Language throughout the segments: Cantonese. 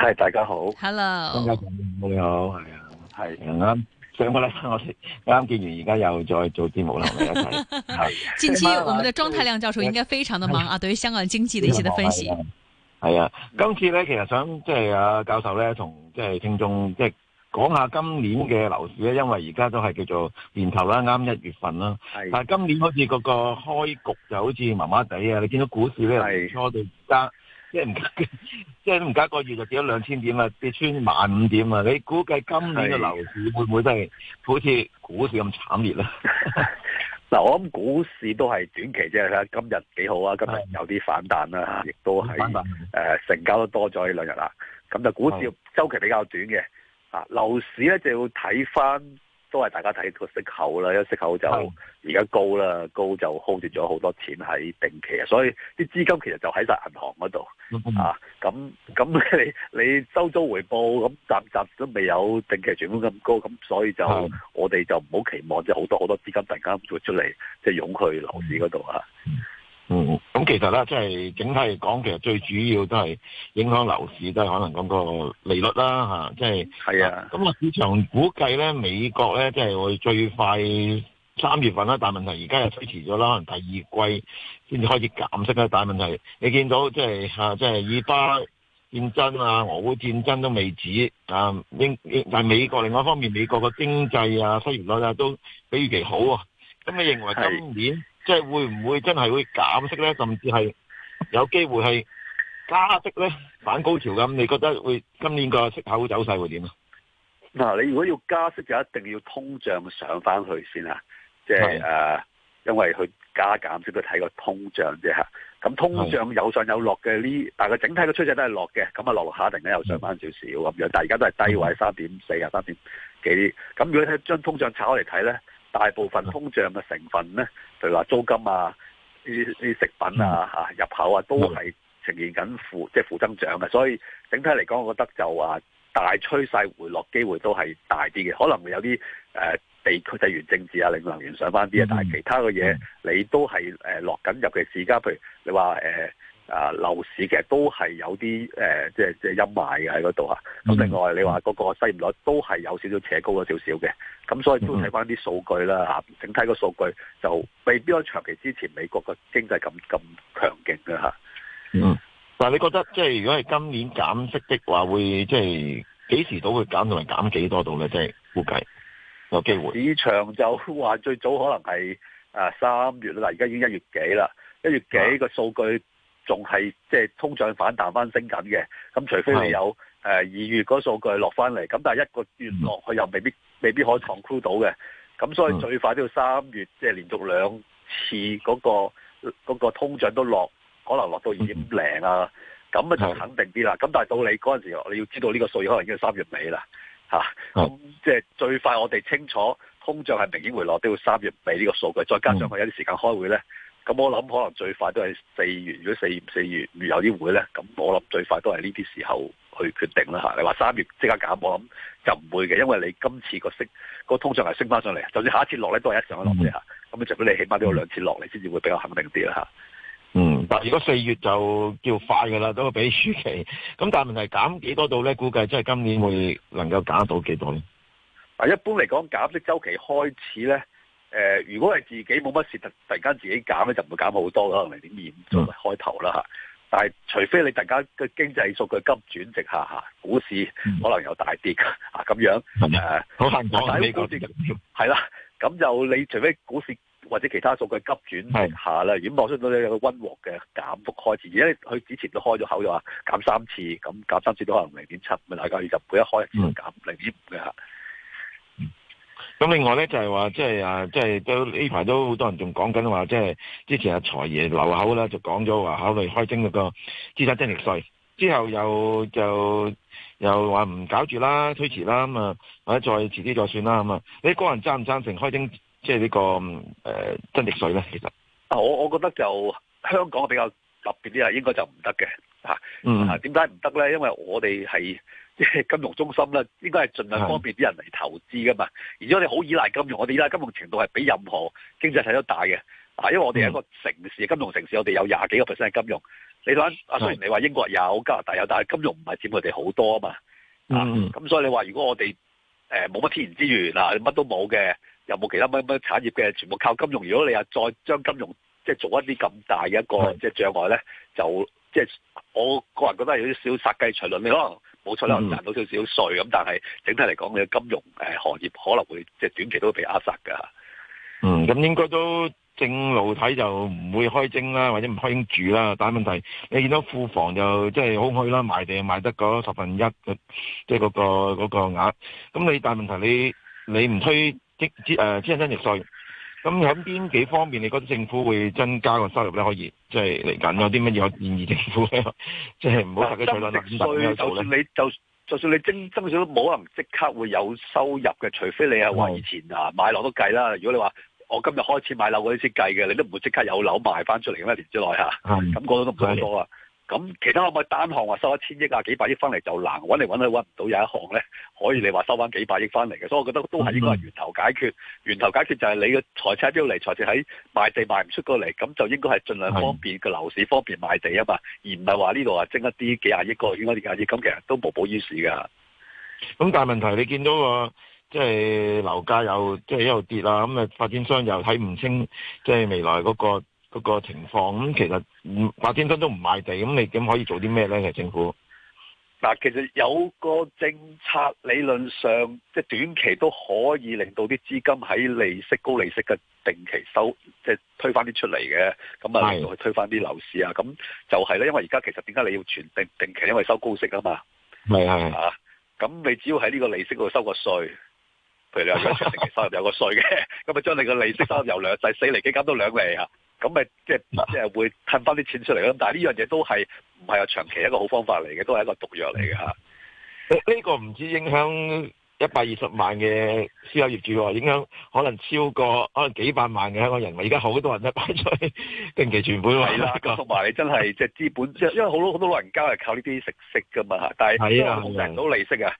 係，大家好，Hello，張家俊，你好，係啊，係，啱上個禮拜我哋啱見完，而家又再做節目啦，嚟 近期我們嘅莊太量教授應該非常的忙啊，對於香港經濟的一些分析。係啊、嗯，今次咧其實想即係阿教授咧同即係聽眾即係講下今年嘅樓市咧，因為而家都係叫做年頭啦，啱一月份啦、啊，係。但係今年好似嗰個開局就好似麻麻地啊，你見到股市咧年初到而家，即係唔加，即係唔加，個月就跌咗兩千點啊，跌穿萬五點啊！你估計今年嘅樓市會唔會都係好似股市咁慘烈咧？嗱， 我諗股市都係短期啫，今日幾好啊，今日有啲反彈啦，亦都係誒、呃、成交都多咗呢兩日啦。咁就股市周期比較短嘅啊，樓市咧就要睇翻。都係大家睇個息口啦，一息口就而家高啦，高就 hold 住咗好多錢喺定期啊，所以啲資金其實就喺晒銀行嗰度、嗯、啊，咁咁你你收租回報咁暫暫都未有定期存款咁高，咁所以就我哋就唔好期望即係好多好多資金突然間會出嚟，即係湧去樓市嗰度啊，嗯。嗯。咁其實咧，即係整體嚟講，其實最主要都係影響樓市都係可能嗰個利率啦嚇，即係係啊。咁啊，市場估計咧，美國咧即係會最快三月份啦，大問題而家又推遲咗啦，可能第二季先至開始減息啦。大問題你見到即係嚇，即係以巴戰爭啊、俄烏戰爭都未止啊，英，英但係美國另外一方面，美國嘅經濟啊、失業率啊都比預期好啊。咁你認為今年？即係會唔會真係會減息咧？甚至係有機會係加息咧，反高潮㗎。咁你覺得會今年個息口走勢會點啊？嗱，你如果要加息，就一定要通脹上翻去先啊。即係誒，因為佢加減息都睇個通脹啫嚇。咁通脹有上有落嘅呢，但係佢整體嘅趨勢都係落嘅。咁啊，落落下突然間又上翻少少咁樣，但係而家都係低位，三點四啊，三點幾。咁如果你將通脹拆開嚟睇咧？大部分通脹嘅成分呢，譬如話租金啊、呢啲食品啊、嚇入口啊，都係呈現緊負即係、就是、負增長嘅，所以整體嚟講，我覺得就話大趨勢回落機會都係大啲嘅，可能會有啲誒地區地緣政治啊令能源上返啲啊，但係其他嘅嘢你都係誒、呃、落緊，尤其是而家，譬如你話誒。呃啊，樓市其實都係有啲誒，即係即係陰霾嘅喺嗰度。咁另外你話嗰個失業率都係有少少扯高咗少少嘅。咁、嗯、所以都睇翻啲數據啦嚇。整體個數據就未必有長期之前美國嘅經濟咁咁強勁啦吓嗯。嗱、嗯，你覺得即係、就是、如果係今年減息的話，會即係幾時到會減到嚟、嗯、減幾多度咧？即、就、係、是、估計有機會。市場就話最早可能係啊三月啦，而、呃、家已經一月幾啦，一月幾個數據、嗯。數據仲係即係通脹反彈翻升緊嘅，咁除非你有誒二、呃、月嗰數據落翻嚟，咁但係一個月落去又未必、嗯、未必未必可以 conclude 到嘅，咁所以最快都要三月，即、就、係、是、連續兩次嗰、那個嗰、那個那個通脹都落，可能落到二點零啊，咁、嗯、啊就肯定啲啦。咁但係到你嗰陣時，你要知道呢個數據可能已經三月尾啦，咁即係最快我哋清楚通脹係明顯回落都要三月尾呢個數據，再加上佢有啲時間開會咧。咁我諗可能最快都係四月，如果四月四月有啲會咧，咁我諗最快都係呢啲時候去決定啦吓、啊。你話三月即刻減，我諗就唔會嘅，因為你今次個升、個通脹係升翻上嚟，就算下一次落咧都係一上一落嘅吓。咁除非你起碼都要兩次落嚟先至會比較肯定啲啦吓。嗯，但如果四月就叫快噶啦，都比預期。咁但係問題減幾多度咧？估計即係今年會能夠減得到幾多咧？嗱，一般嚟講，減息週期開始咧。誒、呃，如果係自己冇乜事，突然間自己減咧，就唔會減好多，可能零點二五作為開頭啦吓、嗯。但係除非你突然間個經濟數據急轉直下，吓股市可能有大跌啊，咁、嗯、樣誒、呃，好難講。你講係啦，咁就你除非股市或者其他數據急轉直下咧、嗯，如果望出到咧有個溫和嘅減幅開始，而家佢之前都開咗口，就話減三次，咁減三次都可能零點七，咪大概就每一開始就減零點五嘅吓。嗯咁另外咧就係話，即係啊，即係都呢排都好多人仲講緊話，即係之前阿財爺留口啦，就講咗話考慮開徵嗰個資產增值稅，之後又就又話唔搞住啦，推遲啦咁啊，或者再遲啲再算啦咁啊，你個人贊唔贊成開徵即係呢個增值稅咧？其實啊，我我覺得就香港比較特別啲啊，應該就唔得嘅嚇。嗯，點解唔得咧？因為我哋係。即金融中心啦，應該係盡量方便啲人嚟投資噶嘛。而且你好依賴金融，我哋依賴金融程度係比任何經濟體都大嘅。嗱，因為我哋係一個城市，嗯、金融城市，我哋有廿幾個 percent 係金融。你諗啊，雖然你話英國有、加拿大有，但係金融唔係佔佢哋好多啊嘛、嗯。啊，咁所以你話如果我哋誒冇乜天然資源嗱，乜都冇嘅，又冇其他乜乜產業嘅，全部靠金融。如果你又再將金融即係做一啲咁大嘅一個即係障礙咧，就即係我個人覺得係有啲少殺雞取卵嘅咯。冇錯啦，我賺到少少稅咁、嗯，但係整體嚟講，你嘅金融誒行業可能會即係短期都會被壓殺噶。嗯，咁應該都正路睇就唔會開徵啦，或者唔開徵住啦。但係問題你見到庫房就即係、就是、空虛啦，賣地賣得嗰十分一嘅即係嗰個嗰、嗰個額。咁你但問題你你唔推即誒即係增值稅。咁喺邊幾方面你覺得政府會增加個收入咧？可以即係嚟緊有啲乜嘢可以建議政府咧？即係唔好殺雞取卵，唔好做。就算你就就算你徵，就算都冇可能即刻會有收入嘅，除非你係話以前啊買樓都計啦。如果你話我今日開始買樓，啲先計嘅，你都唔會即刻有樓賣翻出嚟嘅一年之內嚇。咁講、那個、都唔多啊。咁其他可唔可以單項話收一千億啊、幾百億返嚟就難，揾嚟揾去揾唔到有一項呢，可以你話收返幾百億返嚟嘅，所以我覺得都係應該係源頭解決、嗯，源頭解決就係你嘅財政表嚟，財政喺賣地賣唔出過嚟，咁就應該係盡量方便個樓市方便賣地啊嘛，而唔係話呢度話徵一啲幾廿億個應該啲價錢，咁其實都無補於事噶。咁但係問題你見到個即係樓價又即係、就是、又跌啦，咁啊發展商又睇唔清即係、就是、未來嗰、那個。這個情況咁，其實白天真都唔賣地，咁你點可以做啲咩咧？其實政府嗱，其實有個政策理論上，即係短期都可以令到啲資金喺利息高利息嘅定期收，即係推翻啲出嚟嘅。咁啊，去推翻啲樓市啊，咁就係咧。因為而家其實點解你要存定定期？因為收高息啊嘛。係啊，啊，咁、啊、你只要喺呢個利息度收個稅，譬如你話將定期收入有個稅嘅，咁啊將你個利息收入由兩就四釐幾減到兩釐啊。咁咪即係即係會吞翻啲錢出嚟咯，但係呢樣嘢都係唔係有長期一個好方法嚟嘅，都係一個毒藥嚟嘅吓。呢、這個唔止影響一百二十萬嘅私有業主，影響可能超過可能幾百萬嘅香港人。而家好多人都擺在定期存款，係啦，同、這、埋、個、你真係即係資本，即 係因為好多好多老人家係靠呢啲食息噶嘛，但係都控制唔到利息啊！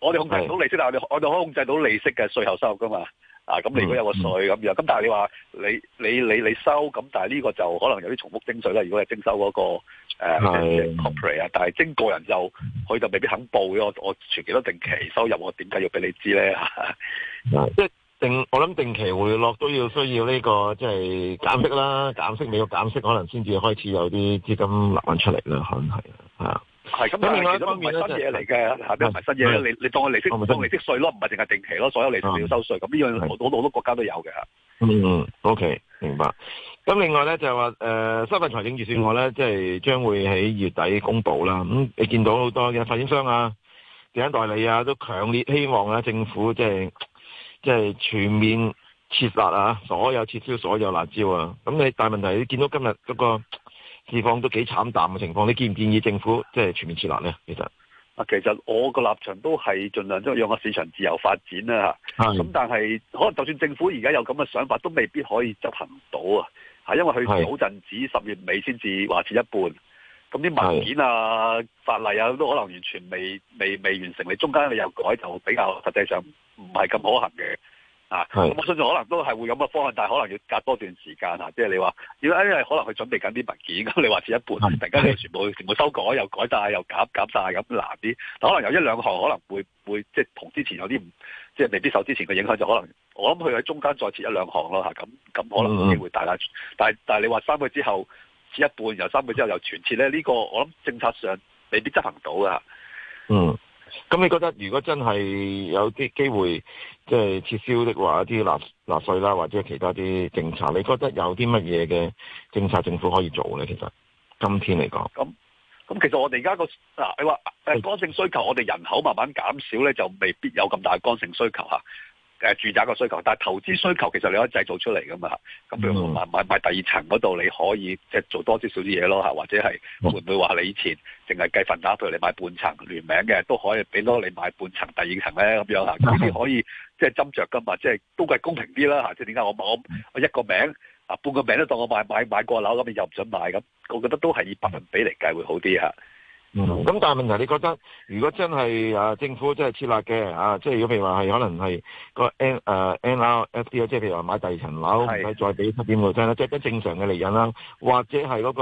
我哋控制唔到利息，利息但係我哋我哋可以控制到利息嘅稅後收入噶嘛。啊，咁你如果有個稅咁樣，咁但係你話你你你你收咁，但係呢個就可能有啲重複徵稅啦。如果係徵收嗰、那個誒 corporate 啊，但係徵個人就佢就未必肯報嘅。我我存幾多定期收入，我點解要俾你知咧？啊， 即定我諗定期回落都要需要呢、這個即係減息啦，減息你要減息可才，可能先至開始有啲資金流緊出嚟啦，可能係啊。係咁，另外都唔係新嘢嚟嘅，嚇，都唔係新嘢。你你當你利息你當利息稅咯，唔係淨係定期咯。所有利息都要收稅，咁呢樣好好多，多國家都有嘅。嗯，OK，明白。咁另外咧就係話誒，新、呃、嘅財政預算案咧，即、嗯、係、就是、將會喺月底公布啦。咁、嗯、你見到好多嘅發展商啊、地產代理啊，都強烈希望啊，政府即係即係全面撤辣啊，所有撤銷所有辣招啊。咁你大問題，你見到今日嗰、這個。市況都幾慘淡嘅情況，你建唔建議政府即係全面撤辣呢？其實啊，其實我個立場都係儘量都讓個市場自由發展啦、啊、咁但係可能就算政府而家有咁嘅想法，都未必可以執行到啊。係因為佢早陣子十月尾先至話撤一半，咁啲文件啊、法例啊都可能完全未未未完成，你中間你又改就比較實際上唔係咁可行嘅。啊，咁我相信可能都係會咁嘅方案，但係可能要隔多段時間啊，即係你話，因為可能佢準備緊啲文件，咁你話切一半，突然間又全部 全部修改又改晒又減減晒，咁難啲。但可能有一兩項可能會會即係同之前有啲唔，即係未必受之前嘅影響，就可能我諗佢喺中間再切一兩項咯吓，咁、啊、咁可能機會大啲。 但係但係你話三個之後切一半，然後三個之後又全切咧，呢、這個我諗政策上未必執行到噶。 嗯。咁你覺得如果真係有啲機會，即係撤銷的話，一啲納納稅啦，或者其他啲政策，你覺得有啲乜嘢嘅政策政府可以做咧？其實今天嚟講，嗯、咁、嗯、咁其實我哋而家個嗱，你話誒剛性需求，我哋人口慢慢減少咧，就未必有咁大嘅剛性需求，啊誒，住宅個需求，但係投資需求其實你可以製造出嚟噶嘛，咁譬如買買買第二層嗰度，你可以即係做多啲少啲嘢咯吓，或者係會唔會話你以前淨係計份打，譬如你買半層聯名嘅，都可以俾多你買半層第二層咧咁樣吓，呢啲可以即係斟酌噶嘛，即係都係公平啲啦吓，即係點解我我我一個名啊半個名都當我買買買過樓咁，你又唔准買咁，我覺得都係以百分比嚟計會好啲吓。嗯，咁、嗯、但係問題，你覺得如果真係啊政府真係撤辣嘅啊，即係如果譬如話係可能係個 n 誒 n r f d 啊，NL, FD, 即係譬如話買第二層樓唔使再俾七點五 percent 即係正常嘅利潤啦，或者係嗰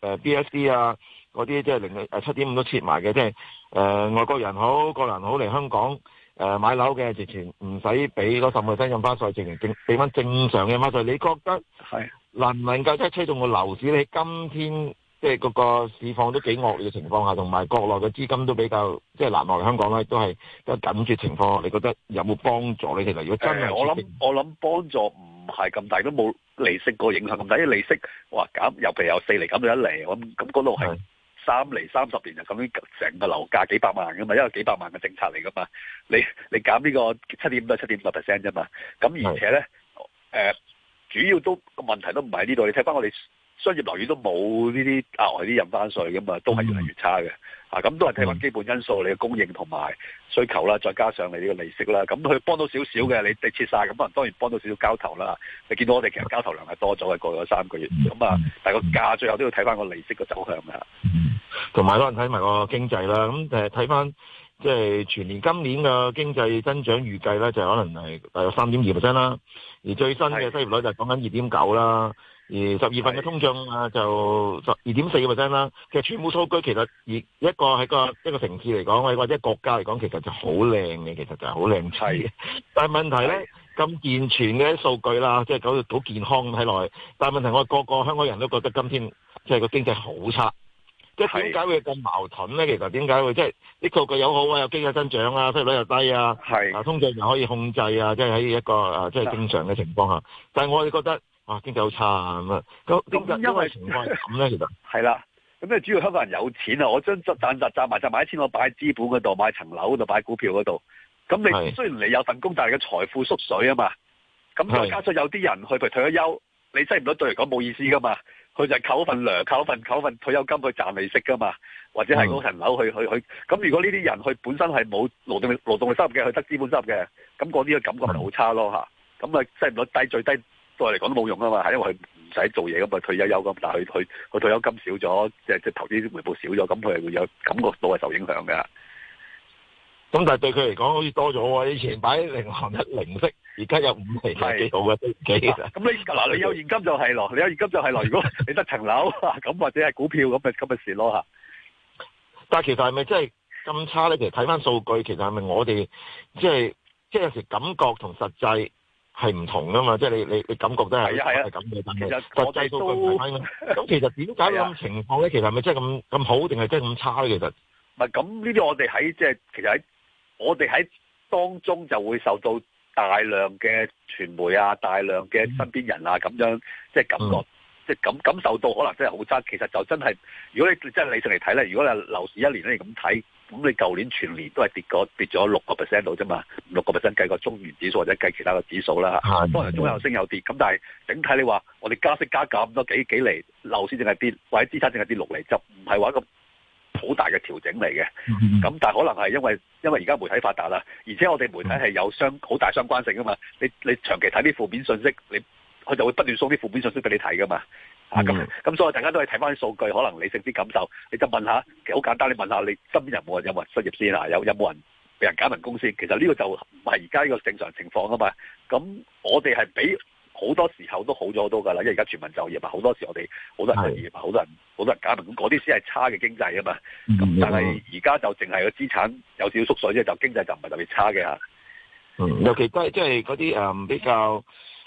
個 b s d 啊嗰啲即係零誒七點五都撤埋嘅，即係誒、呃、外國人好，個人好嚟香港誒、呃、買樓嘅，直情唔使俾嗰十 percent 印花稅，正正俾翻正常嘅稅，你覺得係能唔能夠即係推動個樓市咧？你今天即係嗰個市況都幾惡劣嘅情況下，同埋國內嘅資金都比較即係南落香港啦，都係緊缺情況。你覺得有冇幫助呢？其實，如果真係我諗，我諗幫助唔係咁大，都冇利息個影響咁大，因為利息哇減，尤其有四厘減到一釐，咁咁嗰度係三厘三十年就咁樣，成個樓價幾百萬噶嘛，因為幾百萬嘅政策嚟噶嘛，你你減呢個七點五到七點六 percent 啫嘛，咁而，而且咧、呃、主要都個問題都唔係呢度，你睇翻我哋。商業樓宇都冇呢啲額外啲印花稅咁啊，都係越嚟越差嘅啊！咁都係睇翻基本因素，嗯、你嘅供應同埋需求啦，再加上你呢個利息啦，咁、啊、佢幫到少少嘅，你你切曬咁啊，當然幫到少少交投啦、啊。你見到我哋其實交投量係多咗嘅，過咗三個月咁、嗯、啊，但係個價最後都要睇翻個利息嘅走向嘅。同埋可能睇埋個經濟啦，咁誒睇翻即係全年今年嘅經濟增長預計咧，就可能係大概三點二 percent 啦。而最新嘅失業率就係講緊二點九啦。而十二份嘅通脹啊，就十二點四個 percent 啦。其實全部數據其實而一個喺個一個城市嚟講，或者國家嚟講，其實就好靚嘅，其實就係好靚砌嘅。但係問題咧，咁健全嘅啲數據啦，即係好好健康咁睇落去。但係問題我哋個個香港人都覺得今天即係個經濟好差，即係點解會咁矛盾咧？其實點解會即係啲數據又好啊，有經濟增長啊，息率又低啊，係啊，通脹又可以控制啊，即係喺一個啊即係正常嘅情況下。但係我哋覺得。哇、啊，經濟好差啊咁啊，咁咁因為咁咧，其實係啦，咁 你主要香港人有錢啊，我將賺賺賺埋賺埋啲錢我擺喺資本嗰度，擺喺層樓嗰度，擺喺股票嗰度。咁你雖然你有份工，但係你嘅財富縮水啊嘛。咁再加上有啲人去，譬如退咗休，你低唔到對嚟講冇意思噶嘛。佢就係扣份糧、嗯，扣份扣份退休金去賺利息噶嘛，或者係嗰層樓去去去。咁如果呢啲人佢本身係冇勞動力勞動力收入嘅，佢得資本收入嘅，咁嗰啲嘅感覺係好差咯嚇。咁、嗯、啊，低唔到低最低。對嚟講都冇用啊嘛，係因為佢唔使做嘢咁嘛。他退休休咁，但係佢佢退休金少咗，即係即係投資回報少咗，咁佢係會有感覺到係受影響嘅。咁但係對佢嚟講好似多咗，以前擺喺銀行一零式，而家有五零，幾好嘅都幾啊。咁你嗱，你有現金就係咯， 你有現金就係咯。如果你得層樓，咁 或者係股票咁咪咁咪蝕咯吓。但係其實係咪真係咁差咧？其實睇翻數據，其實係咪我哋即係即係有時感覺同實際？係唔同噶嘛，即係你你你感覺都係係啊係啊，咁嘅，但係實際個個咁其實點解咁情況咧？其實係咪真係咁咁好，定係真係咁差？其實唔係咁呢啲，我哋喺即係其實喺我哋喺當中就會受到大量嘅傳媒啊，大量嘅身邊人啊咁、嗯、樣，即、就、係、是、感覺即係感感受到可能真係好差。其實就真係如果你真係理性嚟睇咧，如果你樓市一年咧咁睇。咁你舊年全年都係跌過跌咗六個 percent 啫嘛，六個 percent 計個中原指數或者計其他個指數啦。當、嗯、然、啊、中有升有跌，咁但係整體你話我哋加息加咁多幾幾釐樓市淨係跌，或者資產淨係跌六嚟，就唔係話一個好大嘅調整嚟嘅。咁、嗯、但係可能係因為因為而家媒體發達啦，而且我哋媒體係有相好大相關性噶嘛。你你長期睇啲負面信息，你佢就會不斷送啲負面信息俾你睇噶嘛。Mm -hmm. 啊，咁咁，所以大家都係睇翻啲數據，可能理性啲感受，你就問下，其實好簡單，你問下你今日冇人有冇人失業先啊？有有冇人畀人，人，人，人解民工先？其實呢個就唔係而家呢個正常情況啊嘛。咁我哋係比好多時候都好咗好多㗎啦，因為而家全民就業啊，好多時我哋好多人就業好多人好多人解民，咁嗰啲先係差嘅經濟啊嘛。咁但係而家就淨係個資產有少少縮水啫，就經濟就唔係特別差嘅。mm -hmm. 嗯。嗯，尤其都係即係嗰啲誒比較。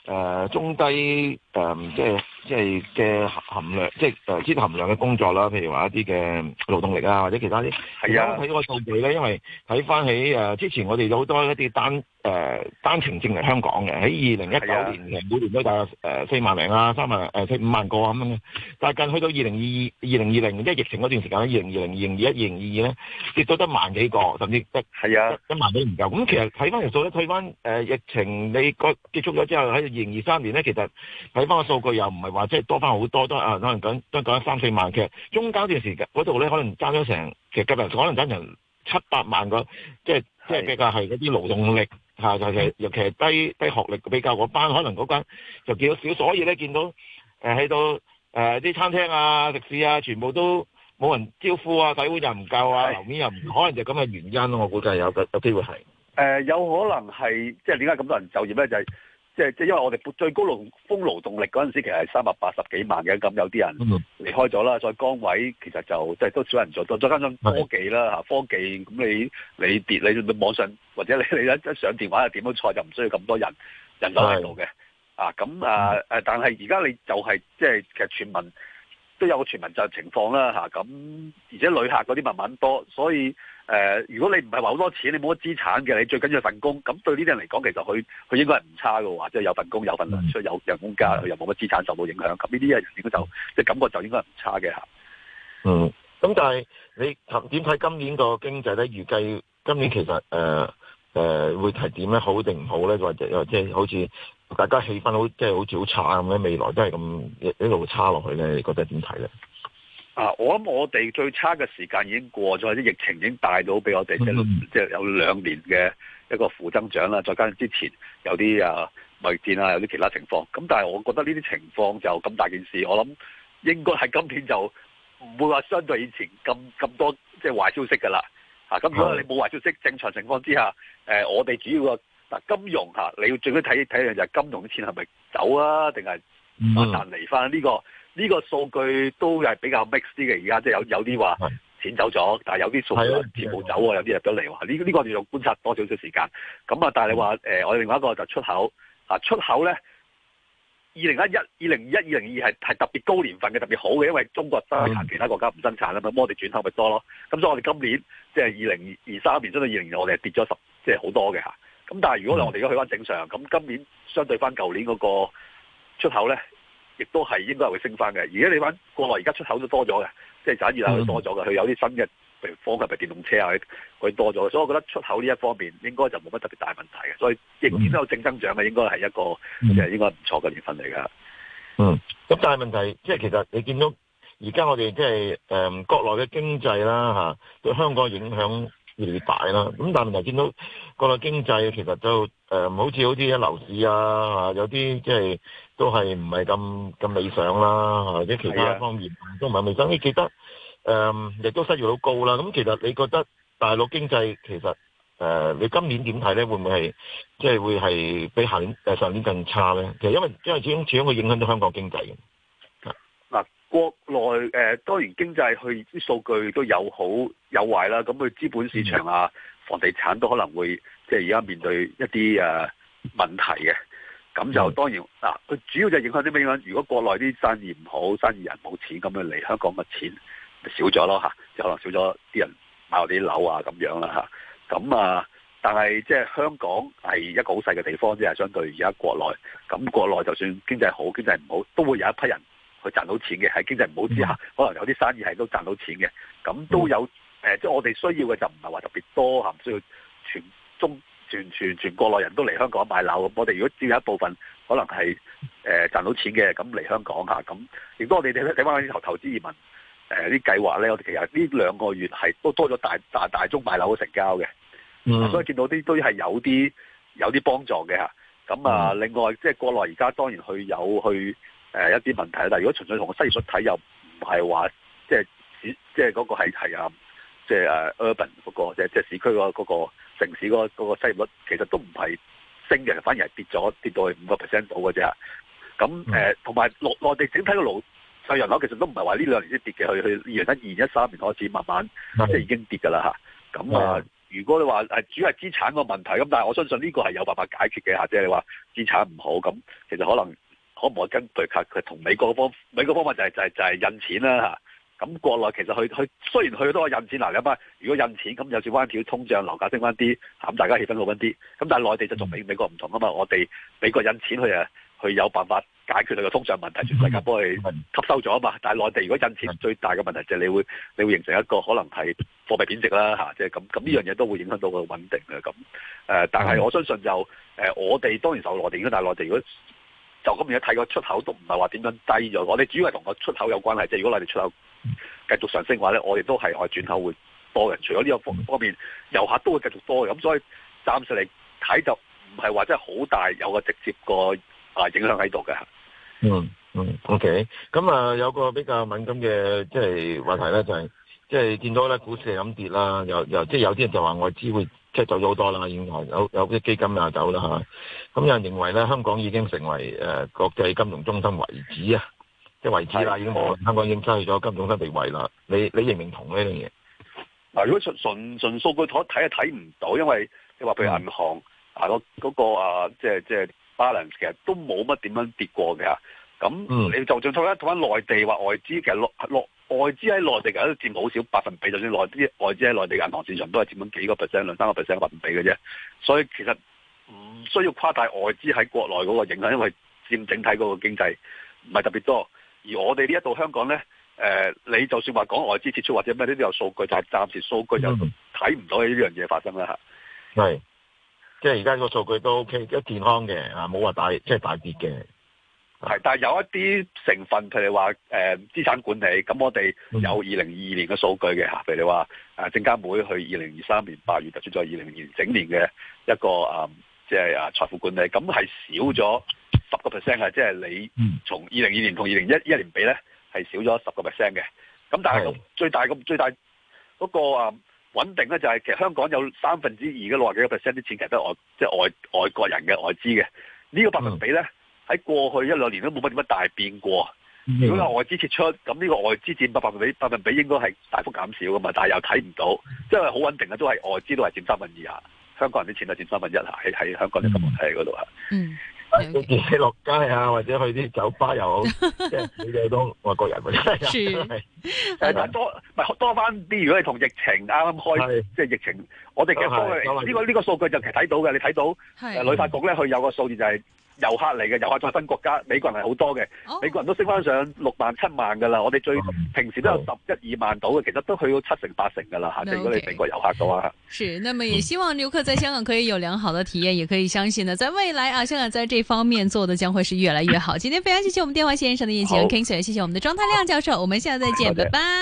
誒、呃，中低誒、呃，即係即係嘅含量，即係誒低含量嘅工作啦，譬如話一啲嘅勞動力啊，或者其他啲。係啊。而家睇到個數據咧，因為睇翻起誒、呃、之前我哋有好多一啲單。誒、呃，單程證嚟香港嘅，喺二零一九年嘅、啊、每年都大概誒四萬零啦，三萬零，誒五萬個咁樣嘅。但係近去到二零二二、二零二零，即係疫情嗰段時間，二零二零、二零二一、二零二二咧，跌咗得萬幾個，甚至得、啊、一萬都唔夠。咁、嗯、其實睇翻條數咧，睇翻誒疫情，你個結束咗之後喺二零二三年咧，其實睇翻個數據又唔係話即係多翻好多，都係可能講都講三四萬嘅。其實中間段時間嗰度咧，可能爭咗成其實今日可能爭成七八萬個，即係即係比較係嗰啲勞動力。嚇！就係尤其係低低學歷比較嗰班，可能嗰間就見到少，所以咧見到誒喺、呃、度誒啲、呃、餐廳啊、食肆啊，全部都冇人招呼啊，底薪又唔夠啊，樓面又唔可能就咁嘅原因咯、啊，我估計有有機會係誒、呃，有可能係即係點解咁多人就業咧，就係、是。即係即係因為我哋最高勞豐勞動力嗰陣時，其實係三百八十幾萬嘅，咁有啲人離開咗啦，在崗位其實就即係都少人做，再加上科技啦吓，科技咁，你你跌你網上或者你你一上電話又就點咗菜就唔需要咁多人人手喺度嘅啊，咁、啊、但係而家你就係即係其實全民都有個全民就情況啦吓，咁而且旅客嗰啲慢慢多，所以。誒、呃，如果你唔係話好多錢，你冇乜資產嘅，你最緊要份工。咁對呢啲人嚟講，其實佢佢應該係唔差噶，即係有份工有份糧，所以有人工加，佢又冇乜資產受到影響。咁呢啲人應該就即係感覺就應該唔差嘅吓。嗯，咁但係你點睇今年個經濟咧？預計今年其實誒誒、呃呃、會係點咧？好定唔好咧？或者即係好似大家氣氛好，即係好似好差咁咧？未來都係咁一路差落去咧？你覺得點睇咧？啊！我諗我哋最差嘅時間已經過咗，啲疫情已經帶到俾我哋，即、嗯、係、就是、有兩年嘅一個負增長啦。再加上之前有啲啊貿易戰啊，有啲其他情況。咁但係我覺得呢啲情況就咁大件事，我諗應該係今年就唔會話相對以前咁咁多即係壞消息㗎啦。咁如果你冇壞消息、嗯，正常情況之下，呃、我哋主要個嗱金融你要最緊睇睇就係金融啲錢係咪走啊，定係啊賺嚟翻呢個？呢、這個數據都係比較 mix 啲嘅，而家即係有有啲話錢走咗，但係有啲數全部走喎，有啲入咗嚟喎。呢呢、這個我哋要觀察多少少時間。咁啊，但係你話誒，我、嗯、哋、呃、另外一個就出口啊，出口咧，二零一一、二零一、二零二係係特別高年份嘅，特別好嘅，因為中國生產，其他國家唔生產啦嘛，咁我哋轉口咪多咯。咁所以我哋今年即係二零二三年，相對二零二我哋係跌咗十，即係好多嘅嚇。咁但係如果我哋而家去翻正常，咁今年相對翻舊年嗰個出口咧？亦都係應該係會升翻嘅。而家你睇國內而家出口都多咗嘅，即係產熱量都多咗嘅。佢、嗯、有啲新嘅，譬如科技，譬如電動車啊，佢多咗。所以我覺得出口呢一方面應該就冇乜特別大問題嘅。所以仍然都有正增長嘅、嗯，應該係一個應該唔錯嘅年份嚟㗎。嗯，咁但係問題即係、就是、其實你見到而家我哋即係誒國內嘅經濟啦、啊、對香港影響。越嚟越大啦，咁但係問題見到國內經濟其實就誒、呃，好似好似啲樓市啊，有啲即係都係唔係咁咁理想啦，或者其他方面都唔係咁理想。你記得誒、呃，亦都失業率高啦。咁其實你覺得大陸經濟其實誒、呃，你今年點睇咧？會唔會係即係會係比下年上年更差咧？其實因為因為始終始終佢影響咗香港經濟嘅。嗱、啊國內誒、呃，當然經濟去啲數據都有好有壞啦。咁佢資本市場啊、房地產都可能會即係而家面對一啲誒、啊、問題嘅。咁就當然嗱，佢、啊、主要就影響啲咩影響？如果國內啲生意唔好，生意人冇錢，咁啊嚟香港嘅錢就少咗咯吓，就可能少咗啲人買我哋啲樓啊咁樣啦吓。咁啊，但係即係香港係一個好細嘅地方，即係相對而家國內。咁國內就算經濟好，經濟唔好，都會有一批人。佢賺到錢嘅，喺經濟唔好之下，嗯、可能有啲生意係都賺到錢嘅，咁都有誒，即、嗯、係、呃就是、我哋需要嘅就唔係話特別多嚇，唔需要全中全全全國內人都嚟香港買樓。咁我哋如果只要一部分，可能係誒、呃、賺到錢嘅咁嚟香港嚇。咁亦都我哋睇睇翻啲投投資移民誒啲計劃咧，我哋其實呢兩個月係都多咗大大大中買樓嘅成交嘅，所以見到啲都係有啲有啲幫助嘅嚇。咁、嗯、啊，另外即係、就是、國內而家當然佢有去。誒、呃，一啲問題啦。但係如果純粹同個西數睇，又唔係話即係即係嗰個係啊，那個、即係誒 urban 嗰個即係即係市區、那個嗰、那個城市嗰、那個嗰、那個失業率，其實都唔係升嘅，反而係跌咗，跌到去五個 percent 度嘅啫。咁誒，同埋、呃嗯、落內地整體個勞動人口其實都唔係話呢兩年先跌嘅，去去二零一二、二零一三年開始慢慢、嗯、即係已經跌㗎啦嚇。咁啊、呃嗯，如果你話係主要係資產個問題咁，但係我相信呢個係有辦法解決嘅嚇，即係話資產唔好咁，其實可能。可唔可以根據佢佢同美國方美國方法就係、是、就係、是、就係、是、印錢啦、啊、嚇，咁、啊嗯、國內其實佢佢雖然佢都係印錢、啊，嗱你諗下，如果印錢咁有時彎條通脹，樓價升翻啲，咁大家氣氛好翻啲，咁、嗯、但係內地就仲比美國唔同啊嘛，我哋美國印錢佢啊，佢有辦法解決佢嘅通脹問題，全世界幫佢吸收咗啊嘛，但係內地如果印錢最大嘅問題就係、是、你會你會形成一個可能係貨幣貶值啦、啊、嚇，即係咁咁呢樣嘢都會影響到個穩定嘅、啊。咁、啊，誒但係我相信就誒我哋當然受內地影響，但係內地如果就咁而家睇個出口都唔係話點樣低咗，我哋主要係同個出口有關係。即係如果我哋出口繼續上升嘅話咧，我哋都係外轉口會多人。除咗呢個方方面，遊客都會繼續多嘅。咁所以暫時嚟睇就唔係話真係好大有個直接個啊影響喺度嘅。嗯嗯，OK。咁啊，有個比較敏感嘅即係話題咧，就係即係見到咧股市係咁跌啦，又又即係有啲、就是、人就話外資會。即係走咗好多啦，然後有有啲基金又走啦嚇，咁、啊、有人認為咧，香港已經成為誒、啊、國際金融中心遺址啊，即係遺址啦已經，香港已經失去咗金融中心地位啦。你你認唔認同呢樣嘢？嗱，如果純純純數據睇，睇唔到，因為你話譬如銀行、嗯、啊，嗰、嗰個啊，即係即係 balance 其實都冇乜點樣跌過嘅咁、嗯嗯，你就盡睇一睇翻內地話，外資，其實落外資喺內地其實都佔好少百分比。就算內外資外喺內地銀行市場都係佔咗幾個 percent、兩三個 percent 嘅百分比嘅啫。所以其實唔、嗯、需要誇大外資喺國內嗰個影響，因為佔整體嗰個經濟唔係特別多。而我哋呢一度香港咧，誒、呃，你就算話講外資撤出或者咩，呢都有數據，就係、是、暫時數據就睇唔到呢樣嘢發生啦係，即係而家個數據都 OK，都健康嘅冇話大即係、就是、大跌嘅。係，但係有一啲成分，譬如話誒、呃、資產管理，咁我哋有二零二二年嘅數據嘅嚇，譬如你話誒證監會去二零二三年八月就出咗二零二年整年嘅一個誒，即係誒財富管理，咁係少咗十個 percent，係即係你從二零二年同二零一一年比咧，係少咗十個 percent 嘅。咁但係最大個、嗯、最大嗰個誒穩定咧，就係其實香港有三分之二嘅六十幾個 percent 啲錢其實都係外即係、就是、外外國人嘅外資嘅，呢、這個百分比咧。嗯喺過去一兩年都冇乜點乜大變過。如果外資撤出，咁呢個外資佔百百分比，百分比應該係大幅減少㗎嘛。但係又睇唔到，即係好穩定啊，都係外資都係佔三分二啊。香港人啲錢都係佔三分一啊。喺香港呢個問題嗰度啊。嗯，你、嗯、落街啊，或者去啲酒吧又好，即係你哋多外國人。係 啊，係多係多翻啲？如果你同疫情啱啱開，即係疫情，剛剛剛就是、疫情我哋嘅呢個呢、這個數據就其實睇到嘅。你睇到？係。旅、呃、發局咧，佢有個數字就係、是。遊客嚟嘅，遊客再新國家，美國人係好多嘅，美國人都升翻上六萬七萬嘅啦。我哋最、oh. 平時都有十一二萬到嘅，其實都去到七成八成嘅啦嚇，即係呢個美國遊客嘅話。Okay. 是，那麼也希望遊客在香港可以有良好的體驗，嗯、也可以相信呢，在未來啊，香港在這方面做的將會是越來越好。今天非常謝謝我們電話先生的意見 King Sir，謝謝我們的莊太量教授，我們下次再見，拜、okay. 拜。